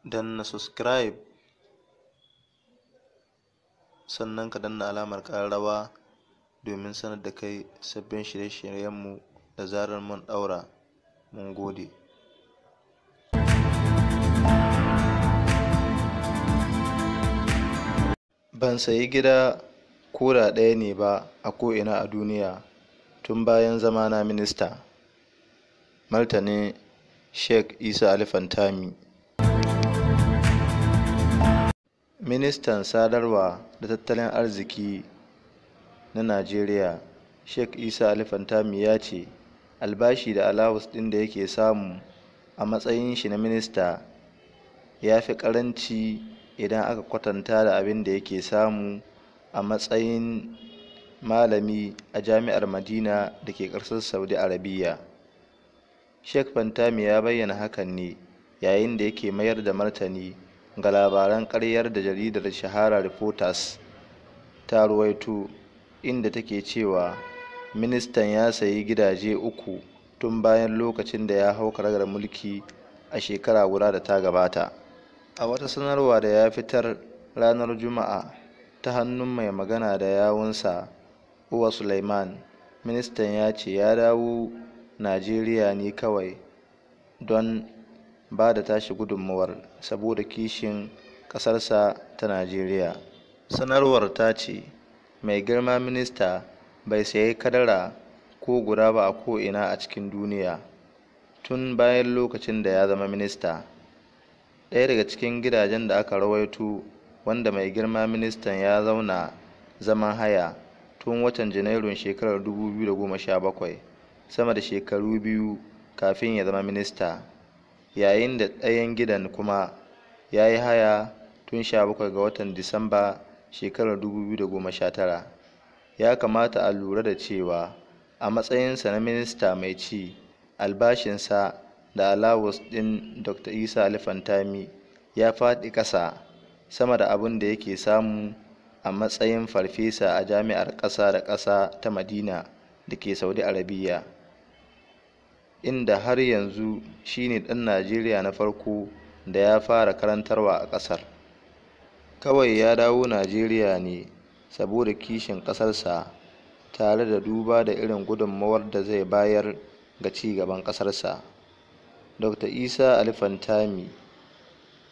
danna subscribe sannan ka danna alamar ƙararrawa domin sanar da kai sabbin shirye-shiryenmu da zarar mun ɗaura mun gode ban sayi gida kura ɗaya ne ba a ko'ina a duniya tun bayan zamana minista martanin sheikh isa alifantami ministan sadarwa da tattalin arziki na najeriya sheikh isa alifantami ya ce albashi da alawus ɗin da yake samu a matsayin shi na minista ya fi ƙaranci idan aka kwatanta da abin da yake samu a matsayin malami a jami'ar madina da ke ƙasar saudi arabiya sheikh fantami ya bayyana hakan ne yayin da yake mayar da martani ga labaran karyar da jaridar shahara reporters ta ruwaito inda take cewa ministan ya sayi gidaje uku tun bayan lokacin da ya hau karagar mulki a shekara guda da ta gabata a wata sanarwa da ya fitar ranar juma'a ta hannun mai magana da yawunsa uwa suleiman ministan ya ce ya dawo najeriya ne kawai don ba da tashi gudunmawar saboda kishin ƙasarsa ta Najeriya. Sanarwar ta ce, Mai girma minista bai sayi kadara ko guda ba a ko'ina a cikin duniya tun bayan lokacin da ya zama minista. Ɗaya daga cikin gidajen da aka rawaito wanda mai girma ministan ya zauna zaman haya tun watan Janairun shekarar 2017 sama da shekaru biyu kafin ya zama minista. yayin da ɗayan gidan kuma ya yi haya tun 17 ga watan Disamba shekarar 2019. Ya kamata a lura da cewa a matsayinsa na minista mai ci, albashinsa da alawus din Dr. Isa Alifantami ya faɗi ƙasa sama da abin da yake samu a matsayin farfesa a jami'ar ƙasa da ƙasa ta Madina da ke Saudi Arabiya. inda har yanzu shine ɗan Najeriya na farko da ya fara karantarwa a ƙasar. Kawai ya dawo Najeriya ne saboda kishin ƙasarsa tare da duba da irin gudunmawar da zai bayar ga ci gaban ƙasarsa. Dr. Isa Alifantami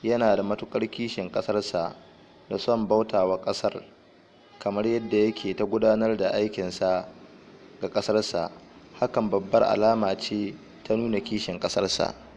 yana da matuƙar kishin ƙasarsa da son bautawa ƙasar kamar yadda yake ta gudanar da aikinsa ga ƙasarsa. hakan babbar alama ce ta nuna kishin ƙasarsa.